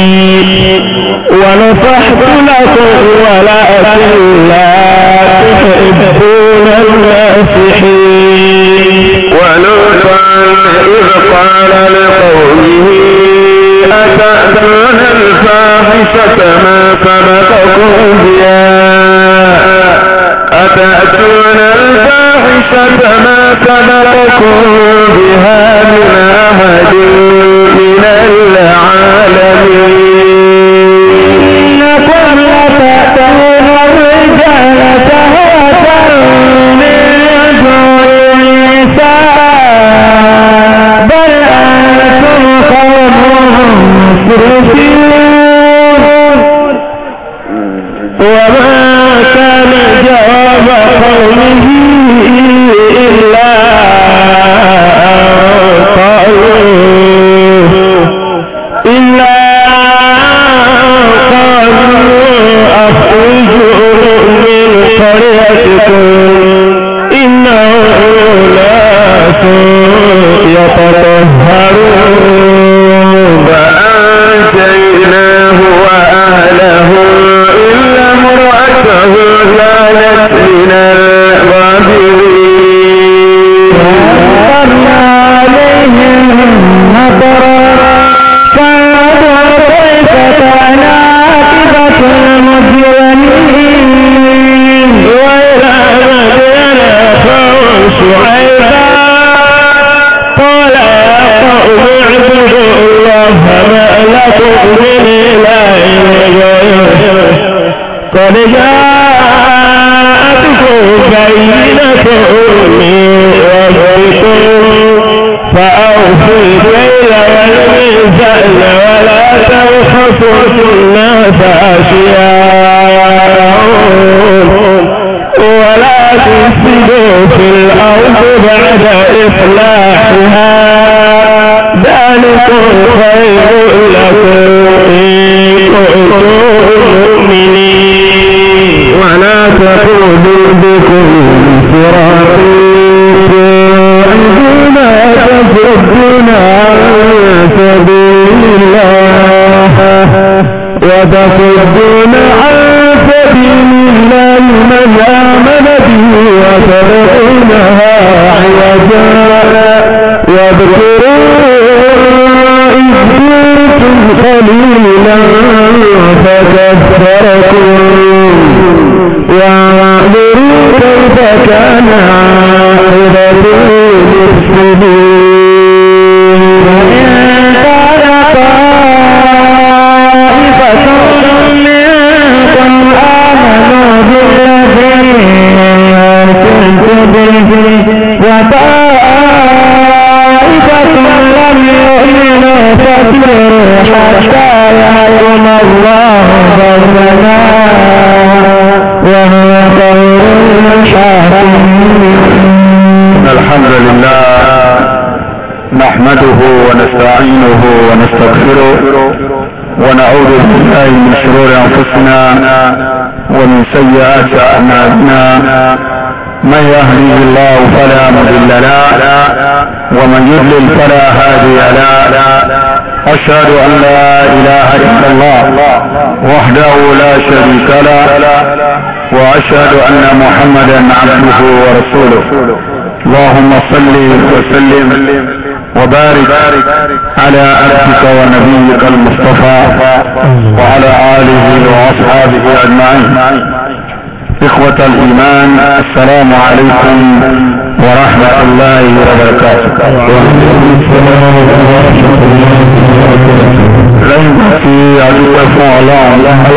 السبيل ونفحت لكم ولكن لا تحبون الناسحين ولوطا إذ قال لقومه أتأتون الفاحشة ما سبقكم بها أتأتون الفاحشة ما سبقكم وتصدون عن سبيل الله من آمن به وتبعونها عوجا واذكر سيئات أعمالنا من يهديه الله فلا مضل له ومن يضلل فلا هادي له أشهد أن لا إله إلا الله وحده لا شريك له وأشهد أن محمدا عبده ورسوله اللهم صل وسلم وبارك على عبدك ونبيك المصطفى وعلى آله وأصحابه أجمعين إخوة الإيمان السلام عليكم ورحمة الله وبركاته lẹ́yìn tí a dúpẹ́ fún ọlọ́run lọ́pọ̀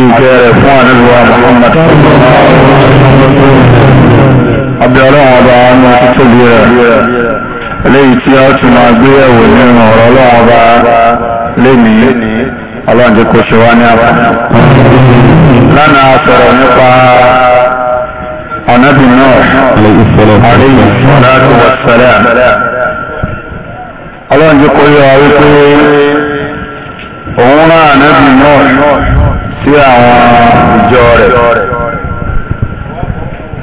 ìfẹ́ ọlọ́run abẹ́rẹ́ wọn bá wọn ní títóbi rẹ̀ eléyìí tí a tún máa gbé ẹ̀wò nínú ọ̀rọ̀ ọlọ́wọ́n bá lénìí ọlọ́run jẹ́ kó ṣe wá ní àbá. lánàá sọ̀rọ̀ nípa ọ̀nàbì náà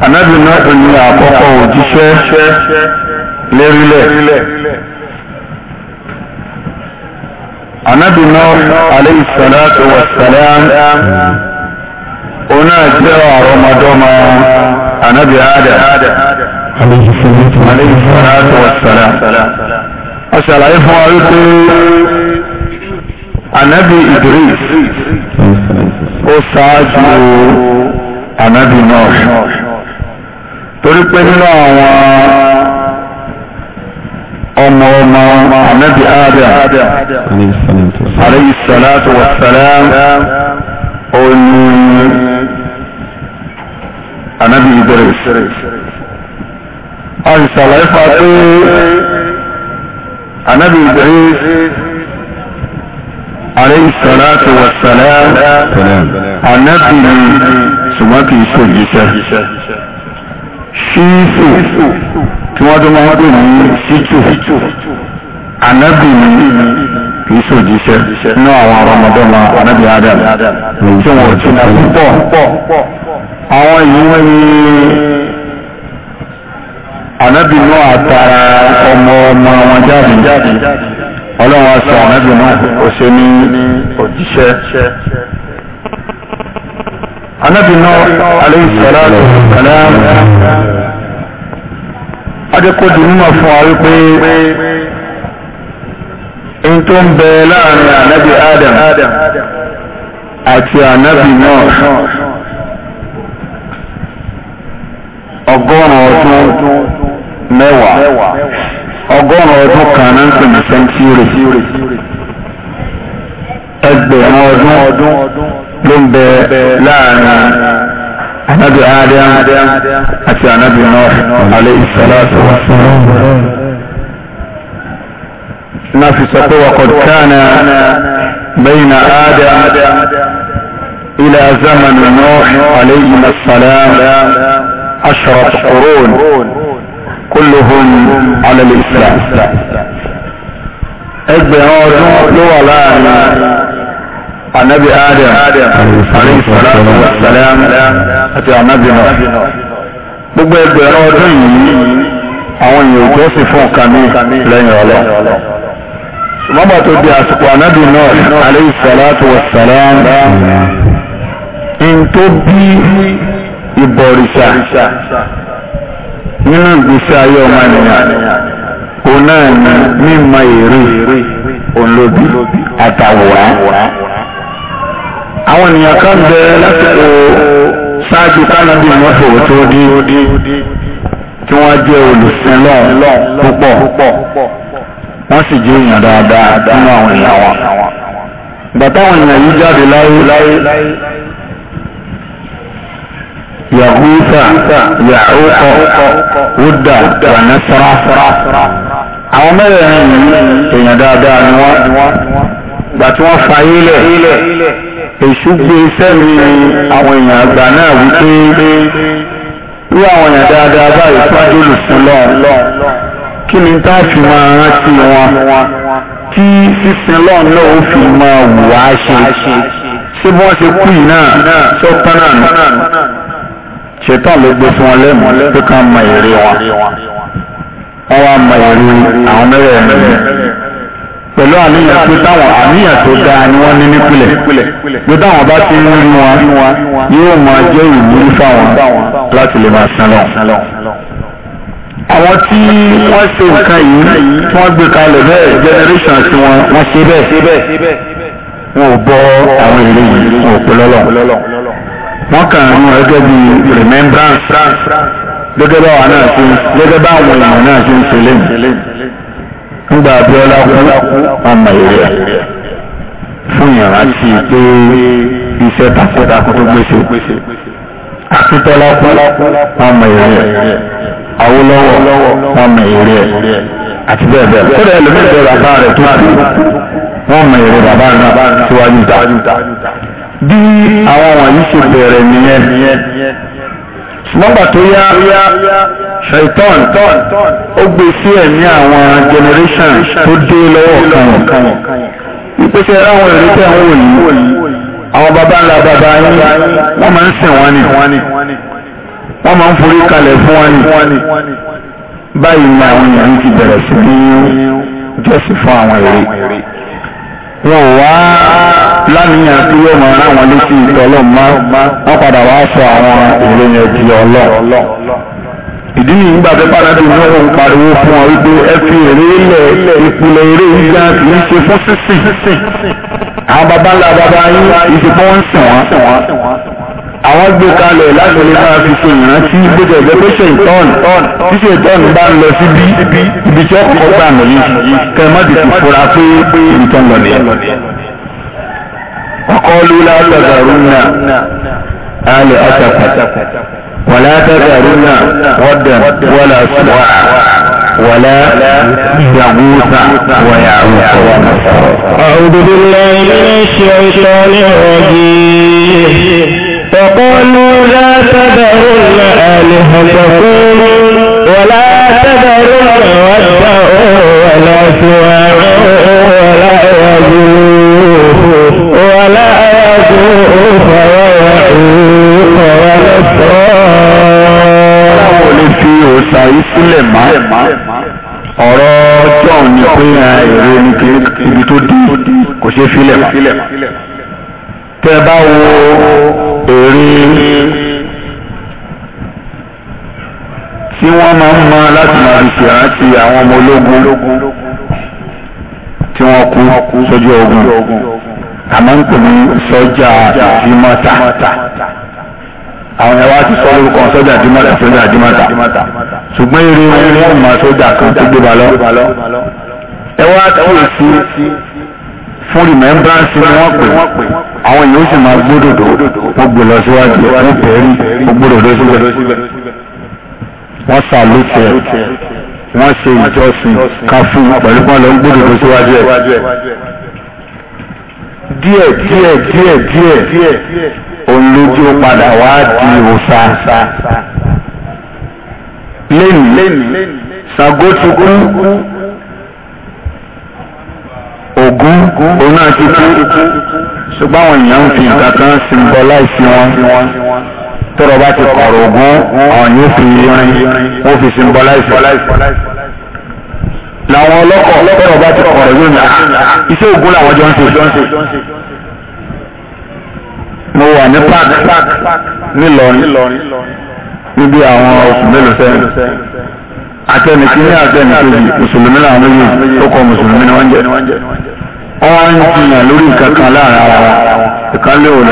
ànábì náà ni àkọ́kọ́ òjíṣẹ́ lérílẹ̀ ànábì náà alayhi salatu wassalam òun náà jẹ́ àrọmọdọ́mọ ànábì Ádámù alayhi salatu wassalam ó ṣàlàyé fún wa wípé ànábì Idris ó ṣáájú ànábì náà torí nínú àwọn ọmọ ọmọ anabi adam alayhi salatu oní anabi idris àìsàlẹ̀ fà pé anabi idris عليه الصلاة والسلام النبي سمك يسجسه ṣíṣù tí wọ́n tó máa pè ní ṣíṣù ànábì ní kìí ṣòjíṣẹ́ nínú àwọn ọmọdọ́mọ ànábì adam tí wọ́n ti nà púpọ̀ àwọn yìí wọ́n ànábì náà àtàrà ọmọ ọmọ wọn jáde ọlọ́wọ́n sọ ànábì náà ó ṣe ní òjíṣẹ́ anabi nù alayhi salatu salam adékò di mímọ̀ fún wa wípé n tó ń bẹ láàrin anabi adam àti anabi náà ọgọ́rùn-ún ọdún mẹ́wàá ọgọ́rùn-ún ọdún kan náà ń pè ní sẹ́ńtúrì ẹgbẹ̀rún ọdún. ló ń bẹ láàrin anabi adam àti anabi nuh alayhi salatu wa salam na fi sọ pé waqad kana bayna adam ila zaman nuh alayhi salam ashrat qurun kulluhum ala al-islam ẹgbẹ̀rún ọdún ló wà láàrin anabi adam alayhi salatu wa salam àti anabi náà gbogbo ẹgbẹ̀rún ọdún yìí àwọn èèyàn ò jọ́sìn fún nǹkan ní lẹ́yìn ọlọ́ ṣùgbọ́n bàtò di àsìkò anabi náà alayhi salatu wa salam n tó bí ìbọ̀rìṣà nínú ìgbésí ayé ọmọ ènìyàn òun náà ní mímọ èrè òun lóbi àtàwòrán àwọn ènìyàn kan bẹ lásìkò ṣáájú kánádì mọ́tò tó dé tí wọ́n jẹ́ olùsìn lọ́n púpọ̀ wọ́n sì jẹ́ èèyàn dáadáa nínú àwọn èèyàn wọn bàtà àwọn èèyàn yìí jáde láyé yàgùnfà yàrúkọ wúdà wà ní sọ́rọ́sọ́rọ́ àwọn mẹ́rẹ̀ẹ̀rin yìí èèyàn dáadáa ni wọ́n gbà tí wọ́n fa ilẹ̀ èṣù gbé sẹ́mi àwọn èèyàn àgbà náà wípé bí àwọn èèyàn dáadáa báyìí pàdé olùsìn lọ́n kí ni tá a fi máa rántí wọn tí sísin lọ́n náà ó fi máa wù wá ṣe ṣé bí wọ́n ṣe kú yìí náà sọ tán nù ṣetán ló gbé fún wọn lẹ́mọ̀ pé ká mọ èrè wọn wọ́n wá mọ èrè àwọn mẹ́rẹ̀ẹ̀rin pẹ̀lú àníyàn pé táwọn àníyàn tó dáa ni wọ́n ní nípìnlẹ̀ pé táwọn bá ti ń rí wọn yóò máa jẹ́ ìwúrí fáwọn láti lè máa san lọ. àwọn tí wọ́n ṣe nǹkan yìí tí wọ́n gbé kalẹ̀ bẹ́ẹ̀ generation tí wọ́n wọ́n ṣe bẹ́ẹ̀ wọn ò bọ́ àwọn èrè yìí wọn ò pè lọ́lọ́ wọ́n kàn ń rún ẹgbẹ́ bíi remembrance gẹ́gẹ́ báwa náà ṣe gẹ́gẹ́ báwọn èèyàn náà ṣe ń ṣe lẹ́yìn nígbà abiola kú ọmọ ìrẹ fún ìrántí pé iṣẹ́ takuntakun tó gbèsè akíntọ́lá kú ọmọ ìrẹ Awólọ́wọ̀ ọmọ ìrẹ àti bẹ́ẹ̀ bẹ́ẹ̀ kódà ẹlòmíì bẹ́ẹ̀ bàbá rẹ̀ tó kú wọ́n mọ ìrẹ bàbá rẹ̀ náà síwájú ìta bí àwọn wọ̀nyí ṣe bẹ̀rẹ̀ nìyẹn mọ́gbà tó yá ṣaitan ó gbé sí ẹ̀mí àwọn generation tó dé lọ́wọ́ kan ìpèsè àwọn èrè tẹ̀ ń wò yìí àwọn baba ńlá baba yín wọ́n máa ń sìn wọ́n ni wọ́n máa ń forí kalẹ̀ fún wọn ni báyìí ni àwọn èèyàn ti bẹ̀rẹ̀ sí ní jọ́sìn fún àwọn èrè. wọn ò wá láníyàn tí yóò láwọn létí padà wá sọ àwọn ìròyìn ọlọ́ ní pariwo fún ọ wípé ẹ fi èrè ilẹ̀ ìpìlẹ̀ eré kì í ṣe fún sísìn àwọn baba ńlá baba yín ìṣèpọ̀ ń àwọn gbé kalẹ̀ láti lè máa fi ṣe ìrántí gbọ́dọ̀ jẹ́ pé ṣèǹtọ́n tí ṣèǹtọ́n bá ń lọ síbí ibi tí ọkọ̀ gbà nù yìí kẹ́ má dìtì fura pé ibi tó ń lọ nìyẹn. وقالوا لا تذرن آلهتكم ولا تذرن ودا ولا سواعا ولا يغوث ويعوق أعوذ بالله من الشيطان الرجيم فقالوا لا تذرن آلهتكم ولا تذرن ودا ولا سواعا ولا يجوف ولا يجوف ويعوق ونسرا ọ̀rọ̀ ọjọ́ ni pé èrò ní kiri ibi tó di kò ṣe fílẹ̀ tẹ́ bá wo èrè tí wọ́n máa ń mọ láti máa fi ṣe àrántí àwọn ọmọ ológun tí wọ́n kú sójú ogun àmọ́ ń pè ní sọ́jà ìdímọ́ta àwọn ẹwà ti sọ lórúkọ sọ́jà ìdímọ́ta sọ́jà ìdímọ́ta ṣùgbọ́n eré wọn ni wọ́n sọ́jà kan tó gbé balọ́ ẹwà tó yẹ sí fún rìmẹ́mbránsì ni wọ́n pè àwọn èèyàn ó sì máa gbódòdó wọ́n gbé lọ síwájú wọ́n bẹ̀rù wọ́n gbódòdó síbẹ̀ wọ́n sàlùtì ẹ̀ wọ́n ṣe ìjọsìn ká fún pẹ̀lú pọ́n lọ ń gbódòdó síwájú ẹ̀ díẹ̀ díẹ̀ díẹ̀ díẹ̀ òun lójú padà wá di òòṣà lẹ́nu Ṣàngó ti kú. Ògún òun náà ti kú ṣùgbọ́n àwọn èèyàn ń fi nǹkan kan symbolize wọn tọrọ bá ti kọ̀rọ̀ Ògún àwọn yóò fi rin wọ́n fi symbolize làwọn ọlọ́kọ̀ tọrọ bá ti kọ̀rọ̀ yóò ní iṣẹ́ Ògún làwọn jọ ń ṣe mo wà ní park nílọrin níbi àwọn oṣù mélòó sẹ́yìn àtẹnìkíní àtẹnìkejì mùsùlùmí làwọn méjì ó kọ mùsùlùmí ni wọ́n jẹ́ wọ́n ń jiyàn lórí nǹkan láàrin ara wa ìkálẹ̀ òní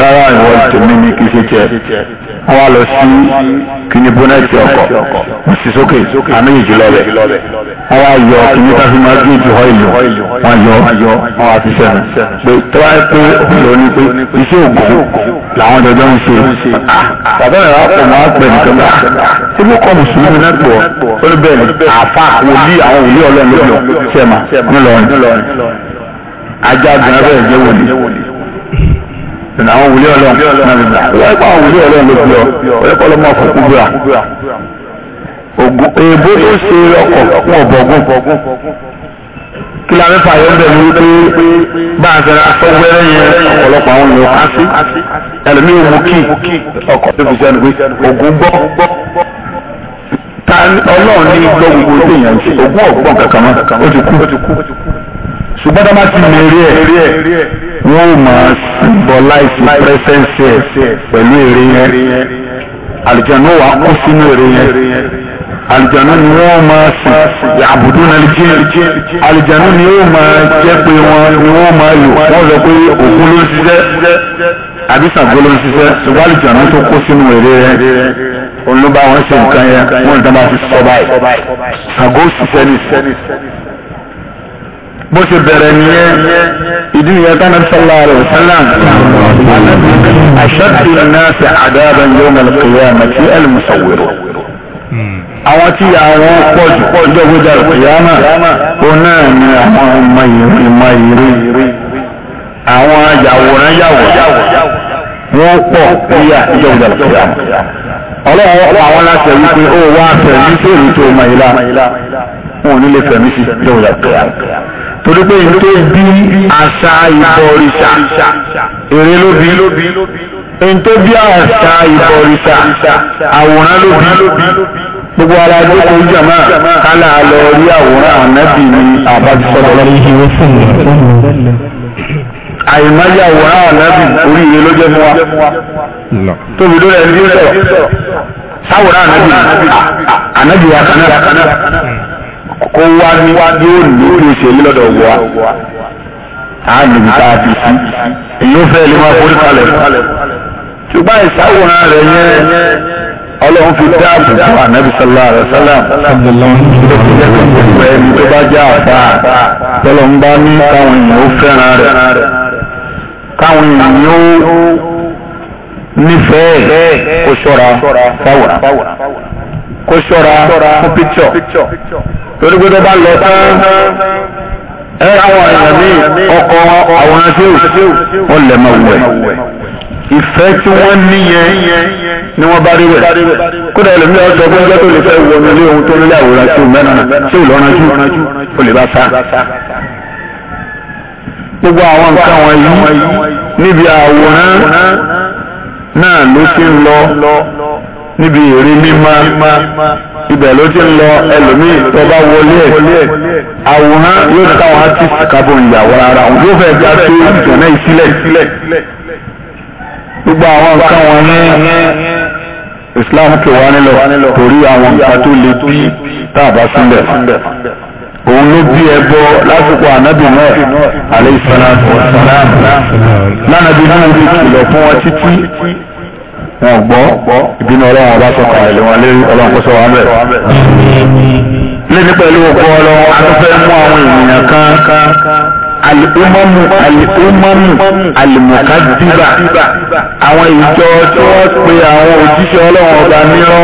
rárá ìwọ tèmi ni kì í ṣe tiẹ̀ wọ́n wá lọ sí kíní bọ́nẹ́ẹ̀tì ọkọ̀ wọ́n sì sókè àméjì lọ́bẹ̀ wọ́n wá yọ kíní tá a fi máa gé ju ọ́ìlì wọ́n yọ wọ́n wá fi sẹ́nu pé tó wáyé pé òkúlò ní pé iṣẹ́ ògùn làwọn jọjọ́ ń ṣe bàbá rẹ̀ wá pọ̀ máa pẹ̀ nìkan bá ibú kọ́ mùsùlùmí náà pọ̀ àfa wòlíì àwọn wòlíì ọlọ́run ló lọ sẹ́mà ńlọrin ajá gan bẹ́ẹ̀ jẹ́ wòlíì sọ̀nà àwọn wòlé ọlọ́run náà nígbà wọ́n pa àwọn wòlé ọlọ́run ló fi ọ ọ̀rẹ́ kọ́ ló mọ̀ fún kúbúrà èèbó tó ṣe ọkọ̀ fún ọ̀bọ̀gún kí la mẹ́fà yọ bẹ̀ mú pé bá a fẹ́ra sọ́wẹ́rẹ́ yẹn ọ̀pọ̀lọpọ̀ àwọn èèyàn á sí ẹlòmíì mú kí ọkọ̀ tó fi sẹ́nu pé ògùn gbọ́ ọlọ́run ní gbọ́ gbogbo téèyàn ṣe ògùn ọ̀gbọ́n kankan mọ́ ó ti kú ṣùgbọ́n tá a bá ti lérí ẹ̀ wọ́n ò máa symbolize presence ẹ̀ pẹ̀lú èrè yẹn àlùjànnú wà kún sínú èrè yẹn àlùjànnú ni wọ́n máa sìn àbùdó náà jẹ́ àlùjànnú ni wọ́n máa jẹ́ pé wọ́n ni wọ́n máa lò wọ́n sọ pé òkú ló ń ṣiṣẹ́ àbí Ṣàngó ló ń ṣiṣẹ́ ṣùgbọ́n àlùjànnú tó kún sínú èrè yẹn olùbáwọn ṣe nǹkan yẹn wọ́n ìdáná fi sọ báyìí Ṣàngó ṣiṣẹ́ ní bó ṣe bẹ̀rẹ̀ nìyẹn ìdí nìyẹn tánà sọ́lá rẹ̀ sálàm àṣàtì náà ṣe àdáàbà yóò mẹ́lẹ̀ kìlẹ̀ àmàtí ẹlùmùsọ̀wérò àwọn tí àwọn pọ̀jù pọ̀jù ọgbẹ́jà rẹ̀ kìyàmà ó náà ní àwọn ọmọ ìrìn ìmọ̀ ìrìn àwọn yàwòrán yàwò wọ́n pọ̀ níyà ìjọba ìjọba ọlọ́run àwọn láṣẹ wípé ó wá fẹ̀mí sí èrò tó ọmọ ìlà wọn ò ní torí pé ìlú tó bí àṣà ìbọ̀rìṣà èrè ló bí ẹni tó bí àṣà ìbọ̀rìṣà àwòrán ló bí gbogbo ara jókòó jàmá kálá lọ rí àwòrán ànábì ní àbájúsọ̀rọ̀ lọ́wọ́ àìmájà àwòrán ànábì oríire ló jẹ́ fún wa tóbi ló rẹ̀ ń dín sọ̀rọ̀ sáwòrán ànábì ànábì wa kanáà kó wá ní wá ní òṣèlú lọ́dọ̀ wọ́ á níbi tá a ti sí èyí fẹ́ lè máa forí kalẹ̀ ṣùgbọ́n ìsáwòrán rẹ̀ yẹn ọlọ́run fi dáàbò fún ànábì sọlá rẹ̀ sọlá ọ̀pọ̀ ẹni tó bá jẹ́ àbá bá ní káwọn èèyàn ó kó ṣọ́ra fún píkṣọ̀ torí pé tó bá lọ tán ẹ àwọn èèyàn míì ọkọ àwọn aṣèwò wọn lè máa wẹ̀ ìfẹ́ tí wọ́n níyẹn ni wọ́n bá rí wẹ̀ kódà ẹlòmí ọ̀sọ̀ fún ọjọ́ lè fẹ́ wọ nílé ohun tó nílé àwòrán tí mẹ́rin tí ò lọ́ranjú ó lè bá sá gbogbo àwọn nǹkan wọ̀nyí níbi àwòrán náà ló ti ń lọ níbi ìrí mímá ibẹ̀ ló ti ń lọ ẹlòmíì tó bá wọlé ẹ̀ àwòrán yóò ní káwọn artiste kábọ̀ ìyàwó ara wọn yóò fẹ́ ga tó ìtọ̀nà ìsílẹ̀ gbogbo àwọn nǹkan wọn ní Islam kò wá nílọ torí àwọn nǹkan tó le bí tá sílẹ̀ òun ló bí ẹbọ lásìkò ànábì náà aleyhi salatu wa salam lánàbí náà rí ìkìlọ̀ fún wọn títí wọn gbọ́ ìbínú ọlọ́run ọba sọ̀kà ẹ̀lẹ́ wọn lé ọlọ́run kó wọn bẹ̀. lẹ́ni pẹ̀lú òkú ọlọ́run afẹ́fẹ́ mú àwọn ènìyàn kan alìkúmọ́mù alìkúmọ́mù alìmọ̀kádìbà àwọn ìjọ tí wọ́n pe àwọn òjíṣẹ́ ọlọ́run ọba nírọ́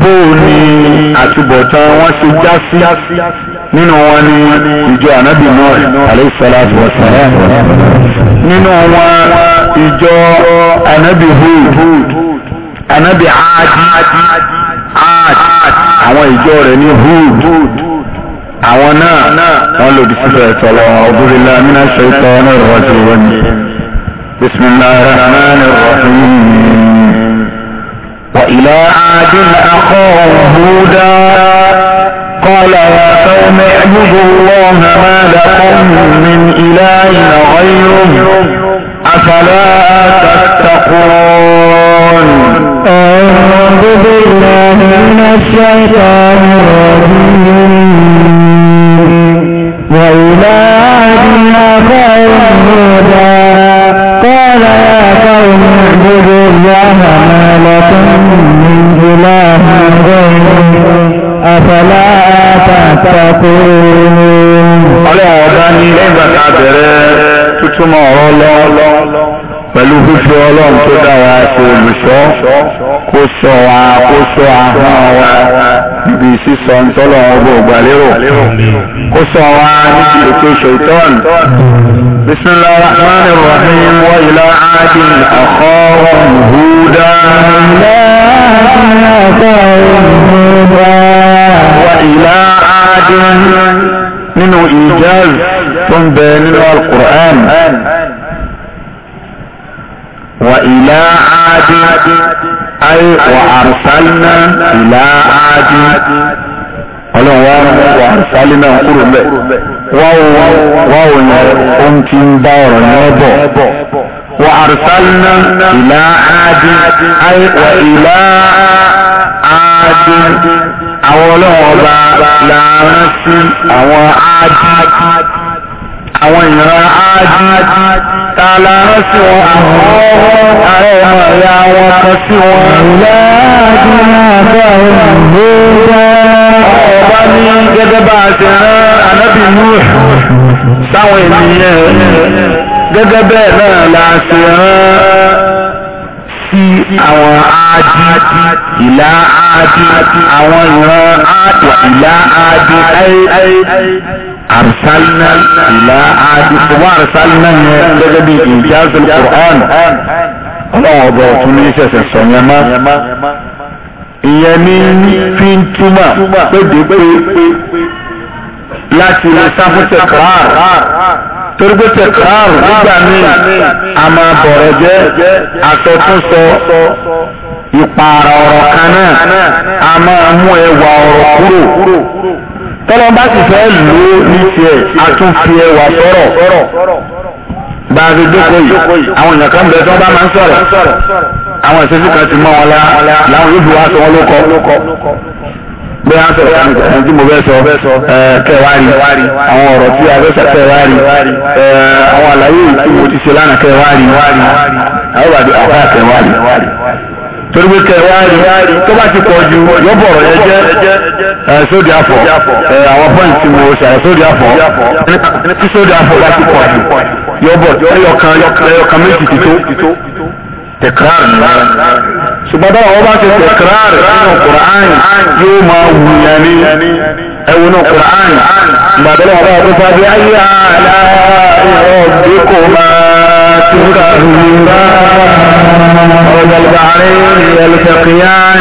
bóò ni àtúbọ̀tán wọn ṣe já sí nínú wọn ni ìjọ ànábì Nuh alayhi salatu wa salam nínú wọn ìjọ ànábì Hud ànábì Ad Ad àwọn ìjọ rẹ̀ ní Hud àwọn náà wọn lòdì síbẹ̀ tọ̀lọ̀ ọ̀bùrìlà mina shaytani rrajim bismillahi rrahmani rrahim wa ila Adin akhahum Huda. قال يا قوم اعبدوا الله ما لكم من إله غيره أفلا تتقون أعوذ بالله من الشيطان ṣọ́ kó ṣọ́ wa kó ṣọ́ ahọ́n wa níbi sísọ ntọ́lọ̀ ọgbọ̀ ògbàlérò kó ṣọ́ wa níbi ètò ṣètọ́n بسم الله الرحمن الرحيم وإلى عاد أخاهم هودا وإلى عاد منه إيجاز تنبى منه القرآن وإلى عاد عاد اي وارسلنا الى عاد ولو وارسلنا وقر الله واو واو ممكن دور نبو وارسلنا الى عاد اي والى عاد اولو لا نسل او عاد àwọn ìran áájú ta lára sí wọn àwọn àwọn ẹ̀yà wọn kan sí wọn. ìlàájú náà bá òun ló dá. ọba ní gẹ́gẹ́ bá a ti rán anábì Nuh sáwọn ènìyàn gẹ́gẹ́ bẹ́ẹ̀ náà la ṣe rán sí àwọn áádì ìlà áádì àwọn ìran áádì ìlà áádì áádì. arsalna ìlà àdì ṣùgbọ́n arsalna yẹn gẹ́gẹ́ bí ìjáàzùl Qur'an ọlọ́run ọba ọ̀tún ní ṣẹ̀ṣẹ̀ sọ yẹn má ìyẹn ní fi ń túmọ̀ pé dèpé láti lè sáfún tẹ̀kọ́rọ̀ torí pé nígbà míì a máa bọ̀rọ̀ jẹ́ àsọtúnsọ ìpààrọ̀ ọ̀rọ̀ kan náà a máa mú ẹwà ọ̀rọ̀ kúrò tọ́lọ́ bá sì fẹ́ lò ó ní tiẹ̀ àtúnfi ẹwà sọ̀rọ̀ bá a fi dókò yìí àwọn èèyàn kan bẹ tí wọ́n bá máa ń sọ̀rọ̀ àwọn ìṣesí kan ti mọ́ wọn lá làwọn yóò fi wá sọ wọn ló kọ́ bí a sọ̀rọ̀ kan ẹni tí mo fẹ́ sọ kẹwàárí àwọn ọ̀rọ̀ tí a fẹ́ sọ kẹwàárí àwọn àlàyé tí mo ti ṣe lánàá kẹwàárí àwọn àbá kẹwàárí torí pé kẹ wá rí tó bá ti pọ̀ ju yóò bọ̀rọ̀ yẹn jẹ́ sódì àfọ̀ àwọn pọ́ìntì tí mo ṣàyẹ̀ sódì àfọ̀ tí sódì àfọ̀ bá ti pọ̀ jù yóò bọ̀ ẹyọkan méjì tó tẹkrar nìyẹn ṣùgbọ́n báwo wọ́n bá ti tẹkrar nínú Qur'an yóò máa wù yẹn ní ẹwù náà Qur'an gbàdúrà wọn bá wọn tó fà bí ayé àlá ìrọ̀ máa. تكذبا ولا البحرين يلتقيان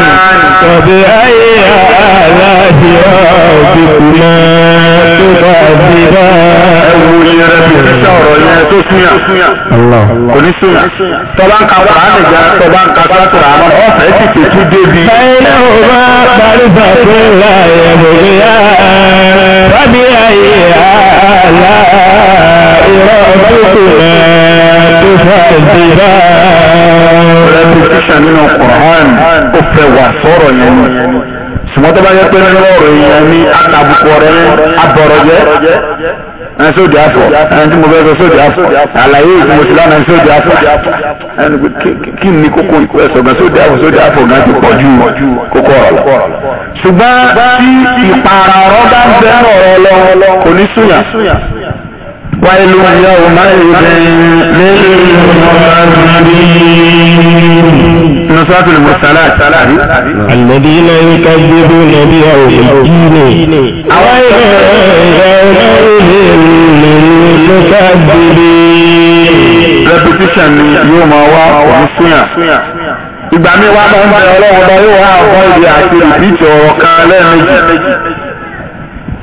فبأي آلاء ربكما Allah. Kò ní sùn. Tọ́ba ń ka Kùránì ìjà tọ́ba ń ka Sátìrà àmọ́ ọ̀fẹ́ sì tètú débi. Báyìí náà ó bá parí bàtú láyé bòbíyá. Bábí ayé àlá ìrọ̀ ọ̀bá ìkùnà kẹ̀dẹ̀rà. repetition nínú Quran ó fẹ́ wà sọ̀rọ̀ yẹn ni ṣùgbọ́n tó bá yẹ pé nínú ọ̀rọ̀ yẹn ni àtàbùkù ọ̀rẹ́ abọ̀rọ̀jẹ́ ẹn sóde afọ ẹn tí mo fẹ́ sọ sóde afọ àlàyé ìdí mo ti lánàá ọ̀rọ̀ bá ń bẹ́ẹ̀ ọ̀rọ̀ lọ kò ní súyà. ويل يومئذ للمكذبين نصرة المرسلات الذين يكذبون بيوم الدين أويل يومئذ للمكذبين repetition ni yóò máa wá ọ̀hún súnyà ìgbà mi wá máa ń bẹ ọlọ́run bá yóò wá ọ̀hún ìdí àti ìdíje ọ̀rọ̀ kan lẹ́ẹ̀mejì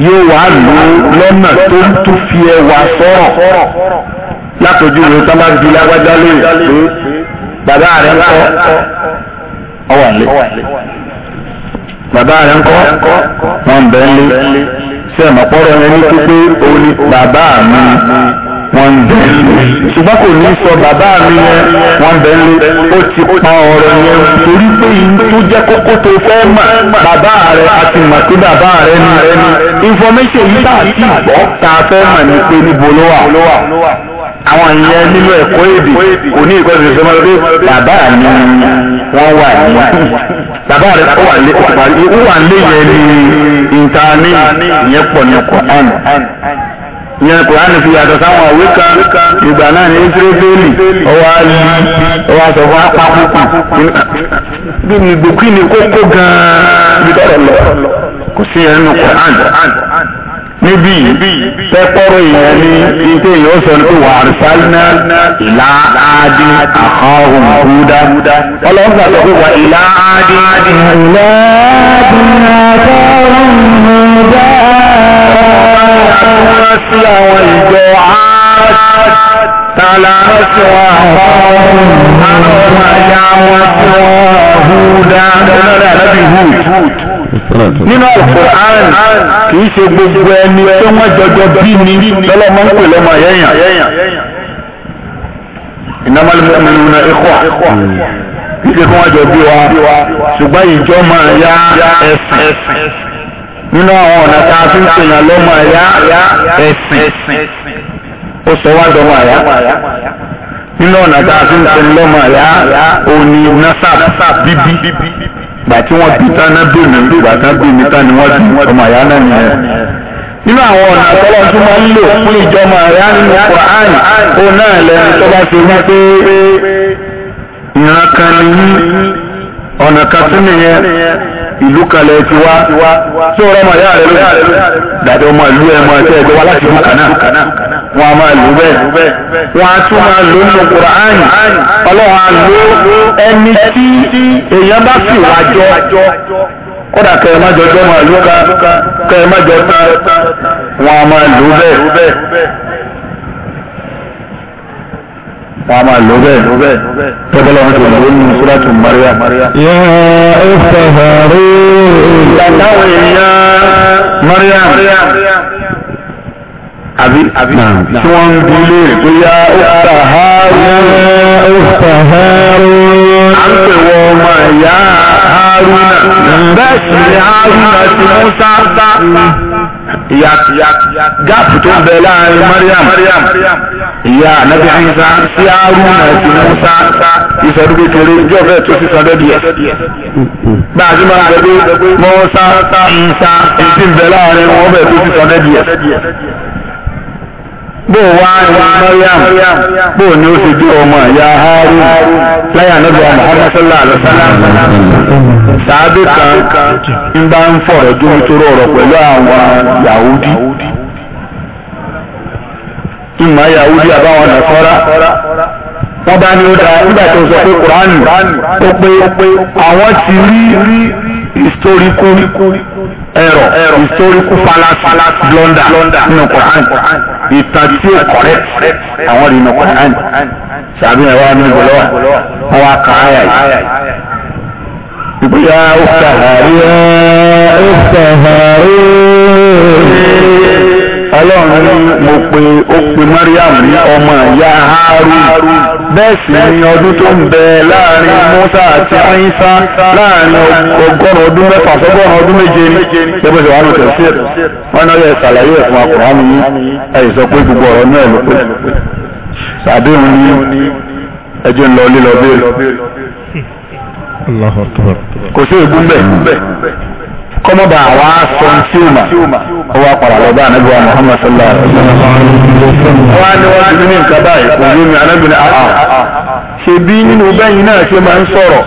yóò wá lò ó lọ́nà tó ń tún fi ẹwà sọ̀rọ̀ látọjú wo tá a máa di lágbájá lóye pé bàbá rẹ̀ ń kọ́ ọwà lé bàbá rẹ̀ ń kọ́ wọn bẹ̀ ń lé sí ẹ̀mọ̀pọ̀rọ̀ yẹn ní pípé òun ni bàbá mi wọn bẹ̀ ń lé ṣùgbọ́n kò ní sọ bàbá mi yẹn wọn bẹ̀ ń lé ó ti pa ọ̀rọ̀ yẹn torí pé yìí tó jẹ́ kókó tó fẹ́ mà bàbá rẹ̀ àti mà pé bàbá rẹ̀ ni information yìí tá a ti gbọ́ tá a fẹ́ mọ̀ ní pé níbo ló wà àwọn ìyẹn nínú ẹ̀kọ́ èdè òní ìkọ́sí ìṣẹ́ máa pé bàbá mi wọ́n wà ní bàbá rẹ̀ ó wà lé ó wà lé yẹn ní ìtaní ìyẹn pọ̀ ní Qur'an ìyẹn Qur'an fi yàtọ̀ sáwọn òwe kan ìgbà náà ní Ísírẹ́lì ọwọ́ àlì ọwọ́ àtọ̀ fún apá púpù bí mi gbòkú ni kókó gan-an bí tọ́lọ̀ lọ. kò sí ẹnu Quran níbí pẹ́pọ́rọ̀ èèyàn ní ìdí èèyàn sọ ní wà àrísálínà ìlà áádí àkọ́hùn húdá ọlọ́gbà sọ pé wà ìlà áádí ìlà áádí àkọ́hùn húdá ọlọ́gbà sí àwọn ìjọ áádí tààlà sí wọn àkọ́hùn àwọn ọmọ ayá wọn sí wọn húdá ọlọ́dà lọ́bì húd nínú alukur'an kì í ṣe gbogbo ẹni tí wọ́n jọjọ bí ni lọ́lọ́mọ́ ń pè lọ́mọ yẹ́yàn ìnámàlì mọ́mọ́lù náà ẹ̀kọ́ kì í ṣe kí wọ́n jọ bí wa ṣùgbọ́n ìjọ máa ya ẹ̀sìn nínú àwọn ọ̀nà tá a fi ń pèyàn lọ́mọ ya ẹ̀sìn ó sọ wá dọ́mọ àyà nínú ọ̀nà tá a fi ń pèyàn lọ́mọ ya òní nasab bíbí. gbà tí bí tánà bí mi bí mi ni bí ọmọ àyá náà nìyẹn. nínú àwọn ọ̀nà àtọ́lọ́ tó máa ń lò fún ìjọmọ àyá nínú Kùránì ó náà lẹ́nu tó bá ṣe wípé ìran kan nìyí ọ̀nà ìlú kan lẹ ti wá tí ọ̀rọ̀ ọmọ ìyá rẹ lónìí dàbí ọmọ ìlú ẹ mọ ẹsẹ ẹgbẹ́ wa láti ìlú kan náà wọn a máa lò bẹ́ẹ̀ wọn a tún máa lò nínú kuraani Ọlọ́run a lò ẹni tí èèyàn bá sì wájọ kódà kẹ má jọ jọ máa lò ká kẹ má jọ tá wọn a máa lò bẹ́ẹ̀. पामाल हो गए प्रबल सूरा चुम मर गया मर गया मर गया àbí tí wọ́n ń bi léèrè pé yá ọ̀tà Hárún ọ̀tà Hárún à ń pè wọ ọmọ ìyá Hárúnà bẹ́ẹ̀ sì ni Hárúnà ti Mùsá gáàpù tó ń bẹ láàrin Mariam ìyá anabi Isa sí Hárúnà ti Mùsá ìsọdún kékeré ìjọ bẹ́ẹ̀ tó sì sọdọ́ díẹ̀ bá a ti máa gbẹgbẹ Mùsá Isa ìsìn bẹ láàrin wọn bẹ́ẹ̀ tó sì sọdọ́ díẹ̀ bó wá ní Maryam bó ní ó sì bí ọmọ ìyá Harun láyà lọ́dọ̀ Muhammad sallallahu alaihi wasallam kan ń bá ń fọ̀rọ̀ jó nítorí ọ̀rọ̀ pẹ̀lú àwọn Yahudi ìmọ̀ Yahudi àbáwọn nàkọ́rá wọ́n bá ní ó dáa nígbà tó sọ pé Kùránì ó pé àwọn ti rí historical error historical fallacy blunder nínú Quran ìtàn tí correct àwọn rí nínú Quran sàbí ẹ̀ wá ní gbọ́lọ́wà wọ́n wá kà áyà yìí. ìgbéyà ọ̀sẹ̀ àríyá ọ̀sẹ̀ ọlọ́run ní mo pe ó pe Mariam ní ọmọ ìyá Haru bẹ́ẹ̀ sì ni ọdún tó ń bẹ láàrin Musa àti Aisa láàrin ọgọ́rùn ọdún mẹ́fà sọ́gọ́rùn ọdún méje ni gẹ́gẹ́ sọ wánú tẹ̀sí ẹ̀ wọ́n náà yẹ ṣàlàyé ẹ̀ fún akọ̀rọ̀ mi ẹ̀yìn sọ pé gbogbo ọ̀rọ̀ náà ló pé sàbí òun ní ẹjọ́ ń lọ lílọ bẹ́ẹ̀ kò sí ègún kọ́mọ́bà àwa sọ̀nsíùmà ó wá padà lọ bá anábìwá Muhammad sallallahu alaihi wa sallam. wọ́n á ní wọ́n ti ní nǹkan báyìí kò yé mi anábìrin àhà ah, ṣebí nínú bẹ́yìn náà ṣe máa ń sọ̀rọ̀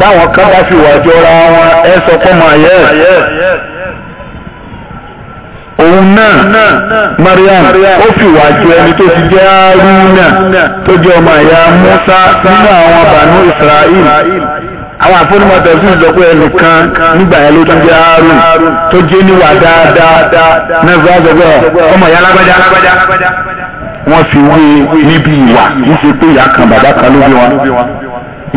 báwọn kan fi wà jọra wọn ẹ sọ pé máa yẹ òun náà Mariam ó fi wà jọ ẹni tó ti jẹ́ Arúnà tó jẹ́ ọmọ ìyá Musa nínú àwọn Banu Israel. àwọn àfọ́nimọ̀ tẹ̀sán sọ pé ẹnìkan nígbà yẹn ló tún jẹ́ tó jẹ́ níwà dáadáa ọmọ ìyá alágbájá wọ́n fi wé níbi ìwà níṣe pé ìyá kan bàbá kan ló bí wọn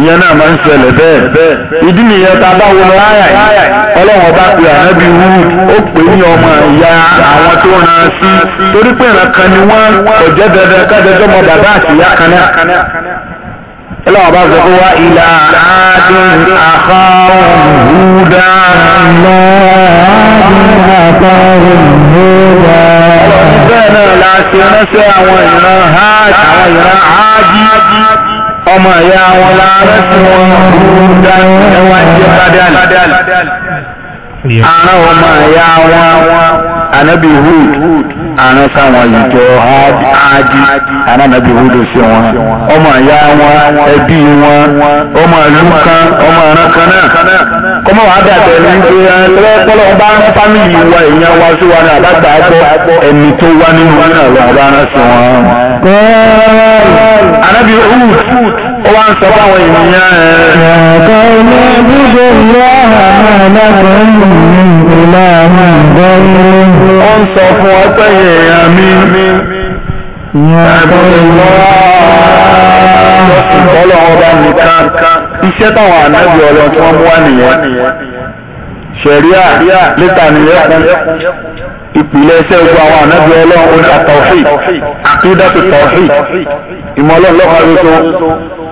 ìyẹn náà máa ń ṣẹlẹ̀ bẹ́ẹ̀ ìdí nìyẹn tá a bá wọ láyà yìí ọlọ́run ọba ànábì ó pè ní ọmọ ìyá àwọn tó sí torí pé ìrànkan ni wọ́n ọlọ́wọ́n bá sọ pé wá ilà àádín àfáhùn húdà náà àfáhùn húdà. bẹ́ẹ̀ náà la ṣe ránṣẹ́ àwọn ìran hajj àwọn ìran hajj ọmọ ìyá wọn la rẹ́sìn wọn húdà ẹwà jẹ́ kádàlì. àrùn ọmọ ìyá wọn anabi Hud àrùn sáwọn ìjọ áádì anábì Hud sí wọn ọmọ ìyá wọn ẹbí wọn ọmọ ìlú kan ọmọ ìran kan náà kọ́mọ wàá dàbẹ̀ ní pé ẹlẹ́pọ̀lọ́ bá ń fámìlì wa èèyàn wa sí wa ní àbágbà àgbọ̀ ẹni tó wá nínú náà lọ àbára sí wọn. anábì Hud ó wá ń sọ fáwọn ènìyàn ẹ̀. ọ̀gá ilé ìlú àhàmà alákọ̀ọ́ ìlú àhàmà gbọ́ ilé wọ́n ń sọ fún ọpẹ́ èèyàn mi ọlọ́run bá nìkan iṣẹ́ táwọn ànábì ọlọ́run tí wọ́n mú wá nìyẹn ṣẹ̀ríà lẹ́tà nìyẹn kú ìpìlẹ̀ iṣẹ́ gbogbo àwọn ànábì ọlọ́run àtọ̀fì àkídàtù tọ̀fì ìmọ̀ ọlọ́run lọ́kàn lóṣooṣù.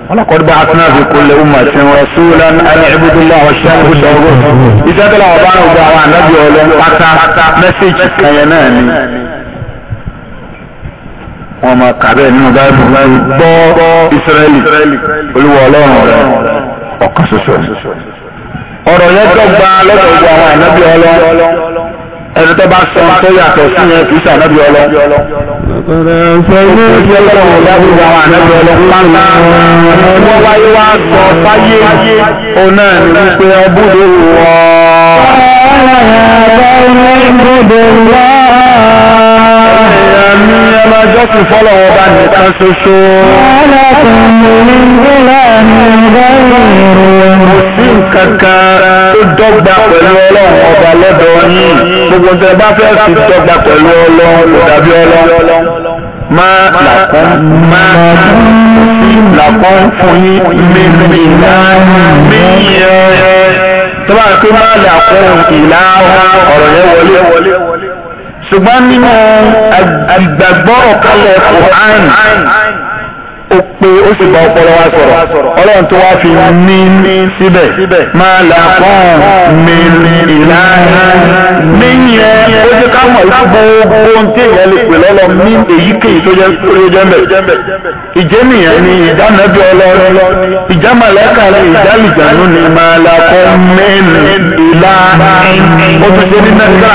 قد بعثنا في كل أمة رسولا أن اعبدوا الله واجتنبوا الطاغوت إذا قال أبانا وبعوا النبي ولم حتى مسج كيناني wọ́n máa kàbẹ́ nínú báyìí báyìí gbọ́ ìsírẹ́lì olúwa ọlọ́run rẹ̀ ọ̀kan ṣoṣo ọ̀rọ̀ yẹn dọ́gba lọ́dọ̀ gbogbo àwọn ànábì ọlọ́run ẹni tó bá sọ tó yàtọ̀ sí yẹn kì í sàn nábì ọlọ. Òkú ti ọlọ́run ọ̀dà gbogbo àwọn ànábì ọlọ́run pátá. Wọ́n wáyé wá sọ fáyé. Òun náà ní wípé ọbúdó wọ̀ ọ́. Ẹ̀mí ẹlọ́jọ́ kì fọ́lọ̀ wọn bá nìkan ṣoṣo. Ọlọ́kùnrin ní ìlànà ìgbà ìrù kankan tó dọ́gba pẹ̀lú ọlọ́run ọba lọ́dọ̀ yín gbogbo tẹ bá fẹ́ fi dọ́gba pẹ̀lú ọlọ́run kò dàbí ọlọ́run má làkún má làkún fún yín mímí mímí tó bá pé má làkún ìlà ọ̀rọ̀ yẹn wọlé ṣùgbọ́n nínú ìgbàgbọ́ ọ̀kọ́lẹ̀ kò áìn ó pé ó sì bá ọpọlọ wa sọ̀rọ̀ ọlọ́run tó wá fi ní síbẹ̀ máa là fún mi ìlànà níyẹn ó jẹ́ ká mọ̀ ìfúgbọ́ ohun tí èèyàn lè pè lọ́lọ́ ní èyíkéyìí tó jẹ́ mẹ́ ìjẹ́ nìyẹn ni ìdánẹ́bí ọlọ́run ìjà ni ìjà ni máa là fún mi ìlànà ó tún ṣe ní mẹ́ta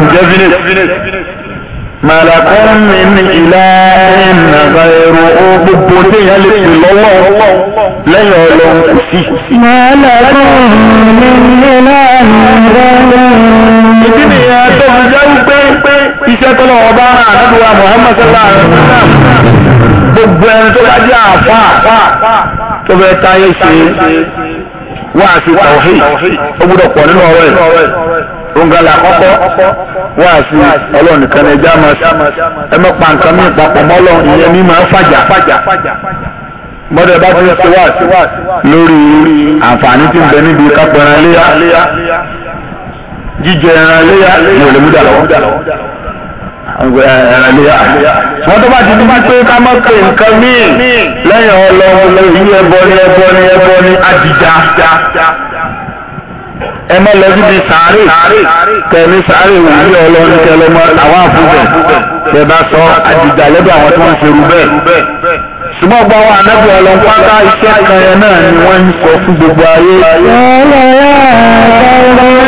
ìjẹ́ màlàkùn mi ní ìlà ẹ̀nà ẹ̀rọ gbogbo téèyàn lè pè lọ́wọ́ lẹ́yìn ọlọ́run kò sí. màlàkùn mi ní ìlà ẹ̀rọ. ìdí nìyẹn tó fi jẹ́ wípé iṣẹ́ tó lọ́wọ́ bá àdúrà Muhammad sallallahu alaihi wasallam gbogbo ẹni tó bá jẹ́ àfa tó fẹ́ táyé ṣe wá sí tàwáhì ó gbúdọ̀ pọ̀ nínú ọ̀rọ̀ ẹ̀ òǹkà là kọ́kọ́ wá sí ọlọ́run nìkan ní ẹja máa sí ẹ mọ́ pa nǹkan míì papọ̀ mọ́ ọlọ́run ìyẹn ní máa fàjà mọ́tò bá ti ṣe wá lórí àǹfààní tí ń bẹ níbi kápẹ́ ẹran léyà jíjẹ ẹran léyà ní òlèmúdà lọ́wọ́ wọ́n tó bá ti dúpá pé ká má pè nǹkan míì lẹ́yìn ọlọ́run lórí ẹbọ ni ẹbọ ni ẹbọ ni àdìjà ẹ má lọ síbi sàárè kẹni sàárè wòlíì ọlọ́run kẹlẹ́ mọ́ àwọn àfúnbẹ̀ bẹ́ẹ̀ bá sọ àdìgbà lẹ́bí àwọn tí wọ́n ń ṣerú bẹ́ẹ̀. ṣùgbọ́n gba wa anábì ọlọ́run pátá iṣẹ́ kan yẹn náà ni wọ́n ń sọ fún gbogbo ayé.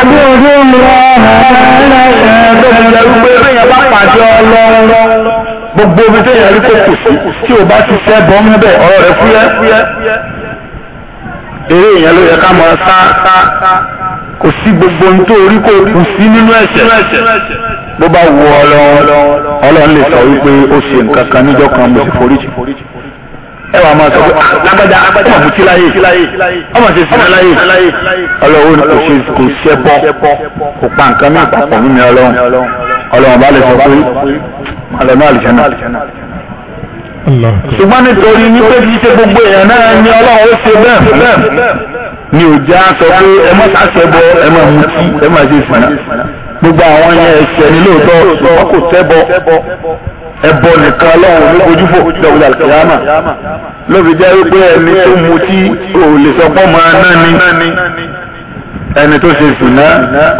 gbogbo omi tó yẹn rí kò kù sí tí o bá ti fẹ́ bọ́ ń bẹ̀ ọ̀rọ̀ rẹ̀ fúyẹ́. eré ìyẹn ló yẹ ká mọ̀ ọ́ sá kò sí gbogbo ohun tó orí kò kù sí nínú ẹ̀ṣẹ̀ bó bá wù Ọlọ́run Ọlọ́run lè sọ wípé ó ṣe nǹkan kan níjọ́ kan mo sì foríjì ẹ wàá máa sọ pé lágbájá ọmọ mutí láyé ọmọ ṣe sinmi láyé Ọlọ́run kò ṣe kò ṣe bọ kò pa nǹkan náà papọ̀ mímí Ọlọ́run Ọlọ́run bá lè sọ pé Ọlọ́run àlùjáná ṣùgbọ́n nítorí ní pé kì ṣe gbogbo èèyàn náà ni Ọlọ́run ó ṣe bẹ́ẹ̀ ni ò já sọ pé ẹ má sàṣẹbọ ẹ má mutí ẹ má ṣe sìnà gbogbo àwọn yẹn ẹ̀ṣẹ̀ ni lóòótọ́ wọn kò ṣẹbọ ẹbọ nìkan lọ́wọ́ ní ojúfò dọ̀wọ́dà kìlámà lóbi jẹ́ wípé ẹni tó mutí ò lè sọ pé máa ná ni ẹni tó ṣe sìnà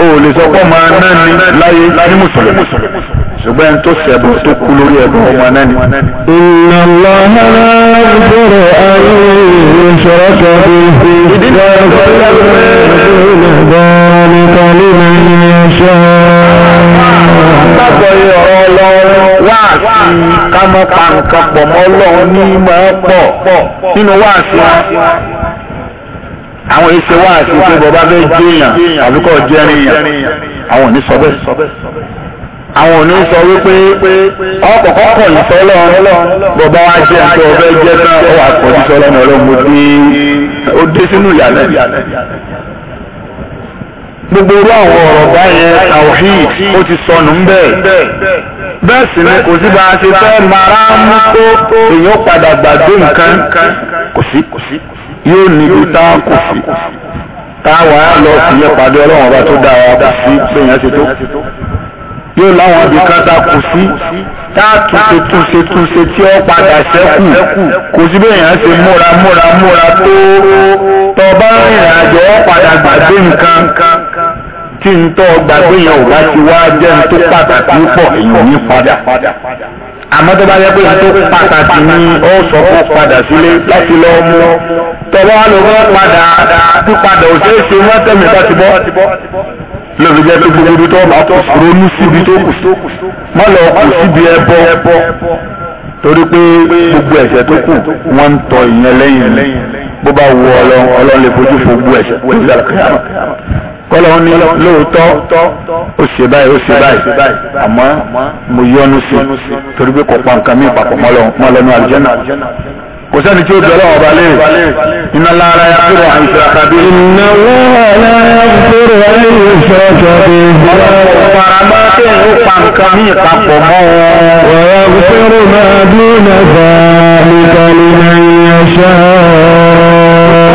ò lè sọ pé máa ná ni láyé ní mùsùlùmí ṣùgbọ́n tó ṣẹ̀bọ̀ tó kú lórí ẹ̀bọ̀ ọmọ náà ni. Inna Allaha la yaghfiru an yushraka bihi wa dhalika liman yasha. Lábọ̀ yìí ọ̀rọ̀ lọ́wọ́ wá sí kámọ́ pàǹkà pọ̀ mọ́ lọ́wọ́ ní máa pọ̀ nínú wá sí àwọn èsè wá sí pé bọ́bá fẹ́ jẹ́yàn àbíkọ́ jẹ́rìyàn àwọn ò ní sọ bẹ́ẹ̀. àwọn òní sọ wípé ọkọ̀kọ́ kọ̀ ní sọ́lọ́ bọ̀bá àti ọ̀fẹ́ jẹ́ wà pọ̀ sọ́lọ́ ní tí ó dé sínú gbogbo irú àwọn ọ̀rọ̀ báyẹn ó ti sọnù ń bẹ́ẹ̀ sì ni kò sí bá a ṣe fẹ́ mara mú tó èèyàn padà gbàgbé nǹkan kò sí yóò níbi tá a kò sí táwa lọ sílẹ̀ pàdé ọlọ́run ọba tó dára kò sí yóò láwọn ibì kan ta kù sí táàtúnṣe túnṣe túnṣe tí ó padà ṣẹ́kù kò sí bẹ́ẹ̀ yẹn ṣe múra múra múra tó tọba rìnrìn àjò ó padà gbàgbé nǹkan tí ń tọ́ gbàgbé yẹn ò bá ti wá jẹ́ ń tó pàtàkì pọ̀ èèyàn ní padà àmọ́ tó bá yẹ pé tó pàtàkì ni ó sọ fún padà sílé láti lọ mú tọwọ́ ló fẹ́ padà pípadà ò ṣeé ṣe mọ́tẹ́mi tó ti bọ́ lóbi jẹ́ pé gbogbo ibi tó bá tó ronú síbi tó kù má lọ kù síbi ẹbọ torí pé gbogbo ẹ̀ṣẹ̀ tó kù wọ́n ń tọ ìyẹn lẹ́yìn bó bá wù Ọlọ́run Ọlọ́run lè fojú fo gbogbo ẹ̀ṣẹ̀ tó dára kíámà kọlọ́run ní lóòótọ́ ó ṣe báyìí ó ṣe báyìí àmọ́ mo yọ́nú sí torí pé kò pa nǹkan mí papọ̀ mọ́ àlùjẹ́nà kò sẹ́ni tí ó bẹ̀rẹ̀ ọba lè iná lára ya fúrò àìsàn àkàbí. ìnáwó aláya fúrò àìsàn àkàbí. ọlọ́run fara mọ́ kí n ó pa nǹkan ní ìpapọ̀ mọ́ wọn. wàá fúrò máa dún nàfà nìkan ní nàìjíríà ṣáà.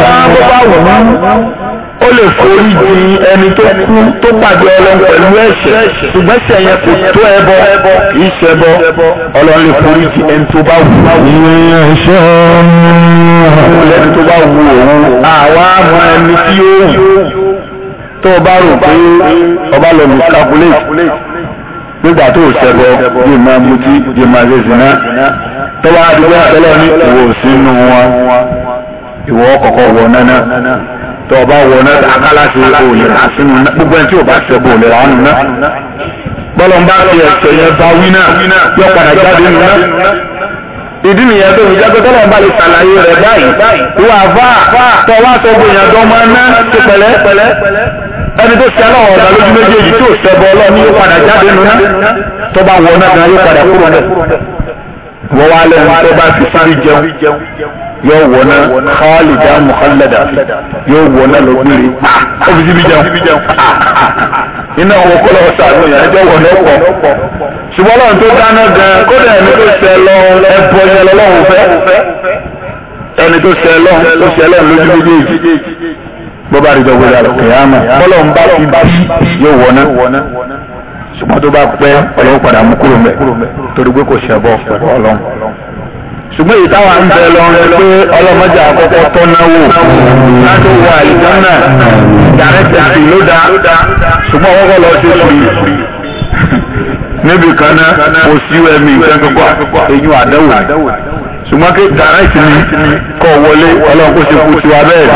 wọ́n á bọ́ bá wọ̀ mọ́ ó lè forí jì ẹni tó kú tó pàdé ọlọ́run pẹ̀lú ẹ̀ṣẹ̀ ṣùgbọ́n ẹ̀ṣẹ̀ yẹn kò tó ẹbọ kì í ṣẹbọ ọlọ́run lè forí jì ẹni tó bá wù òun lẹni tó bá wù òun àwa mọ ẹni tí ó wù tó o bá rò pé ọba lọ miscalculate nígbà tó o ṣẹbọ yóò máa mutí yóò máa ṣe zina tọ́wọ́ adigun àtẹ́lẹ̀ ní ìwòsínú wọn ìwọ kọ̀kọ́ wọ náná tó o bá wọ náà akálàṣe òòlẹ̀ àsínú gbogbo ẹni tí o bá ṣe bò lè ránú náà bọ́lọ̀ ń bá fi ẹ̀sẹ̀ yẹn bá wí náà yọ padà jáde nù náà ìdí nìyẹn tó fi jágbé tọ́lọ̀ ń bá lè ṣàlàyé rẹ̀ báyìí ìwà àfà tó wá sọ gbogbo máa ná ti pẹ̀lẹ́ ẹni tó ṣẹlẹ̀ ọ̀dà lójú méjèèjì tí ò ṣẹbọ ọlọ́ọ̀ni yóò padà jáde nù náà tó bá náà yóò padà kúrò náà wọ́n wá lẹ́nu tó bá fi sáré jẹun yóò wọná kọ́ọ̀lìdá mọ̀kànlẹ́dà yóò wọná lọ́gbìnrin ọ̀bìsí bí jẹun iná wọn kọ́ lọ́wọ́ sàánú yẹn ẹjọ́ wọ̀ lọ́pọ̀ ṣùgbọ́n lọ́run tó dáná gan kódà ẹni tó ṣe lọ ẹbọ yẹn lọ́wọ́ fẹ́ ẹni tó ṣe lọ tó ṣe lọ lójú méjèèjì bó bá rí dọ́gbé dàrú kìyàmù bọ́lọ̀ ń bá ti bí yóò wọná ṣùgbọ́n tó bá pẹ́ ọlọ́wọ́ padà mú kúrò mẹ́ torí pé kò ṣẹ̀bọ̀ pẹ̀lú ọlọ́run ṣùgbọ́n èyí táwa ń bẹ lọ rẹ pé ọlọ́mọdé àkọ́kọ́ tọ́náwó láti wọ àìsàn dàrẹ́tẹ̀sì ló dá ṣùgbọ́n ọkọ̀ lọ sí sùúrù níbi kan náà kò sí ẹ̀mí kankan kọ́ àdáwò ṣùgbọ́n kí direct ni kọ́ wọlé ọlọ́run kó ṣe kú tiwa bẹ́ẹ̀.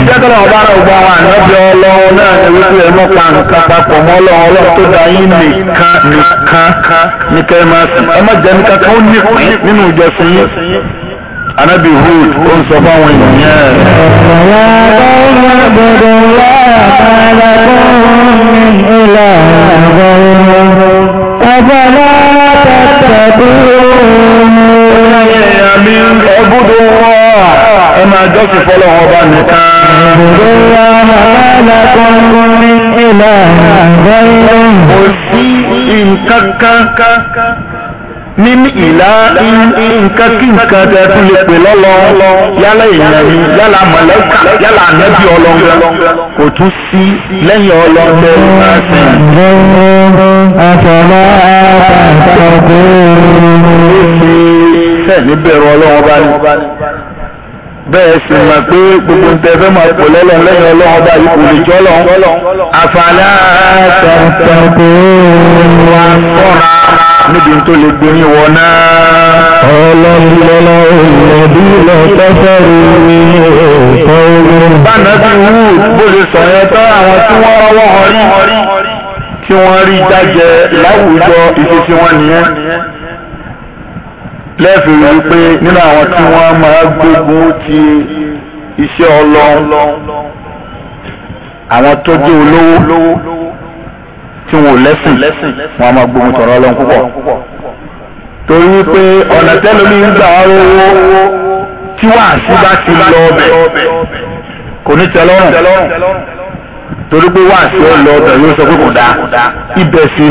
ìjẹ́ tó lọ́wọ́ bá rẹ̀ gbọ́ àwọn ànábì ọlọ́run náà ni wípé ẹ mọ́ pa nǹkan papọ̀ mọ́ ọlọ́run ọlọ́run tó da yín nìkan nìkan ní kẹ́másì ẹ má jẹ́ nìkan kan ó nípìn nínú ìjọsìn yín. ànábì Hud ó ń sọ fáwọn ènìyàn. ọ̀rọ̀ ọlọ́run gbọ́dọ̀ wá àtàlẹ́kọ̀ọ́ ìlà àgbọ̀n Àbọ̀lá tẹ̀tẹ̀bí Ẹ máa jọ́sì fọ́lọ̀ ọba nìkan. Ìgbòrò àmàlà kọ́kọ́ ní ìlànà àgbẹ́rẹ́. Kò sí nǹkan kankan nínú ìlà nǹkan kí nǹkan tẹ tún lè pè lọ́lọ́ yálà èèyàn ni yálà mọ̀lẹ́kà yálà ànábì ọlọ́run kò tún sí lẹ́yìn ọlọ́run tẹ ìrìnàṣẹ́. àfọlá àtàkùn. ó bá ní bẹ́ẹ̀ sì mọ̀ pé gbogbo ń tẹ́ fẹ́ máa pò lọ́lọ́ lẹ́yìn ọlọ́run ọba yìí kò lè jọ́ lọ́hún. àfàlà tẹ̀tẹ̀kù wa kọ́ra níbi tó lè gbóyún wọ náà. ọlọ́dúnlọ́lá ìlọ́dún lọ tẹ́fẹ́rù ní ọ̀pọ̀ ogun. báńdà ti wú bó ṣe sọ yẹn tán àwọn tí wọ́n rọwọ́ họrí tí wọ́n rí dájẹ láwùjọ ìṣesí wọn nìyẹn lẹ́ẹ̀fì rí pé nínú àwọn tí wọ́n máa gbógun ti iṣẹ́ ọlọ́run àwọn tó jẹ́ olówó tí wọn ò lẹ́sìn wọn a máa gbógun tọ̀rọ̀ ọlọ́run púpọ̀ torí pé ọ̀nà tẹ́lómi ń gbà wọ́n rówó tí wàásù bá ti lọ ọbẹ̀ kò ní tẹ́lọ́rùn torí pé wá àṣẹ ọlọ ọdọ yóò sọ pé kò dáa ibẹ̀ sì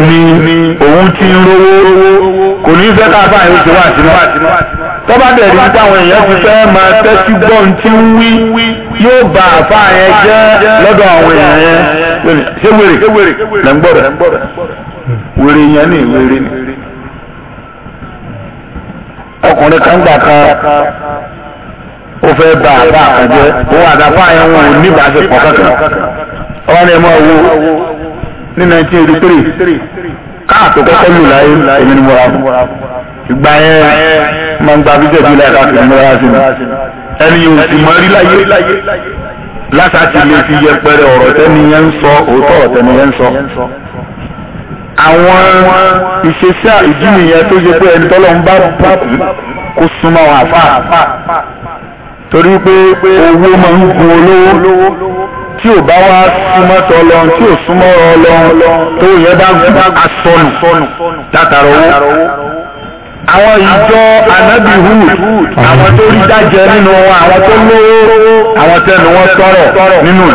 ni òun ti ń rówó kò ní fẹ́ káfá yóò ṣe wá àṣírí tọ́ba dẹ̀rí nípa àwọn èèyàn ti fẹ́ máa tẹ́tí gbọ́n tí ń wí yóò ba àfa yẹn jẹ́ lọ́dọ̀ àwọn èèyàn yẹn ṣé wèrè lẹ́ ń gbọ́dọ̀ wèrè yẹn ní wèrè ni ọkùnrin kan gbà kan ó fẹ́ ba àfa àkànjẹ́ òun àtàfà yẹn wọn ò ní ìbáṣepọ̀ kankan ọwọ́ ni ẹ máa wo ní nineteen eighty three káàtó kọ́kọ́ lù láyé èmi ni mo ra fún ìgbà yẹn máa ń gba bíjẹ̀ bí láì káàkiri mo ra sí mi ẹni yóò sì mọ rí láyé látàtì lè fi yẹpẹrẹ ọ̀rọ̀ tẹ́niyẹn ń sọ òótọ́ ọ̀rọ̀ tẹ́niyẹn ń sọ àwọn ìṣesí ìdí nìyẹn tó yẹ pé ẹni tọ́lọ́ ń bá bùkún kó súnmọ́ àwọn torí pé owó máa ń gun olówó tí ò bá wá súnmọ́ tọ́ lọ tí ò súnmọ́ ọ lọ tó yẹ bá asọnù látara owó. àwọn ìjọ anabi hood àwọn tó rí dájẹ nínú wọn àwọn tó lówó àwọn tẹnu wọn tọrọ nínú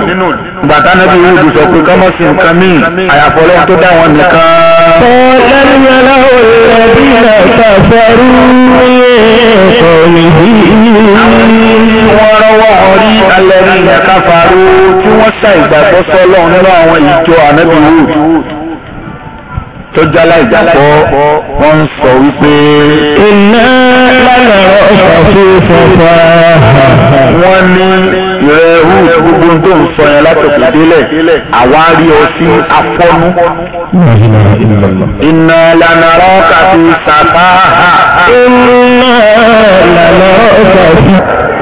ìgbà tánabi hood sọ pé kọ́mọ́ sí nǹkan míì àyàfọ́ lọ́wọ́ tó dá wọn nìkan. قال الملأ الذين كفروا من قومه tí wọ́n rọ́wọ́ orí alẹ́rìn àkàfàró tí wọ́n sa ìgbàgbọ́ sọ́lọ́run nínú àwọn ìjọ ànábì Hud tó jálá ìgbàgbọ́ wọ́n ń sọ wípé. iná lálọ́rọ̀ ṣàfihàn fàfà. wọ́n ní ìrẹ́ Hud gbogbo tó ń sọ yẹn látọ̀kù délẹ̀ àwa rí ọ sí afọ́nú. iná lánàrọ̀ kàfi sàfà. iná lálọ́rọ̀ ṣàfihàn.